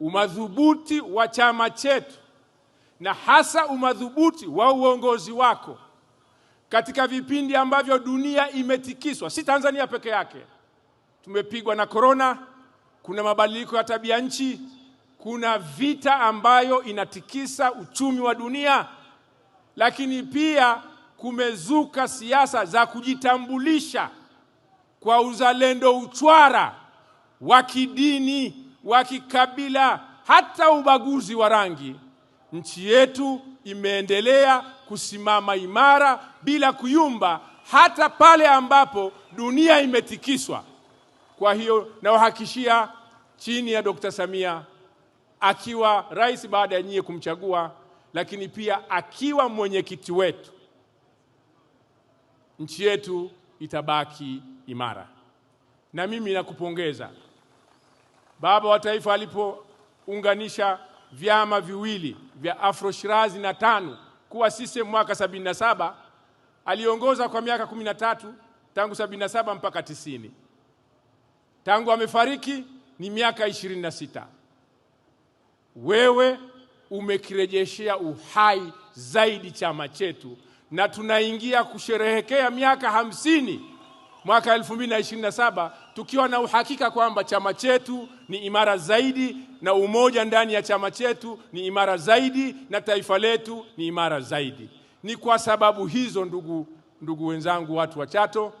umadhubuti wa chama chetu na hasa umadhubuti wa uongozi wako katika vipindi ambavyo dunia imetikiswa, si Tanzania peke yake. Tumepigwa na korona, kuna mabadiliko ya tabia nchi, kuna vita ambayo inatikisa uchumi wa dunia, lakini pia kumezuka siasa za kujitambulisha kwa uzalendo uchwara wa kidini wa kikabila, hata ubaguzi wa rangi. Nchi yetu imeendelea kusimama imara bila kuyumba, hata pale ambapo dunia imetikiswa. Kwa hiyo nawahakishia, chini ya Dr. Samia akiwa rais baada ya nyie kumchagua, lakini pia akiwa mwenyekiti wetu, nchi yetu itabaki imara. Na mimi nakupongeza baba wa taifa alipounganisha vyama viwili vya Afro Shirazi na TANU kuwa sisi mwaka saba aliongoza kwa miaka tatu tangu saba mpaka tisini. Tangu amefariki ni miaka sita Wewe umekirejeshea uhai zaidi chama chetu na tunaingia kusherehekea miaka hamsini mwaka 2027 tukiwa na uhakika kwamba chama chetu ni imara zaidi na umoja ndani ya chama chetu ni imara zaidi na taifa letu ni imara zaidi. Ni kwa sababu hizo, ndugu ndugu wenzangu, watu wa Chato,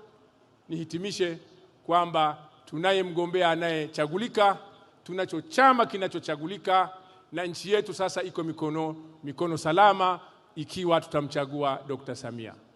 nihitimishe kwamba tunaye mgombea anayechagulika, tunacho chama kinachochagulika na nchi yetu sasa iko mikono, mikono salama ikiwa tutamchagua Dr. Samia.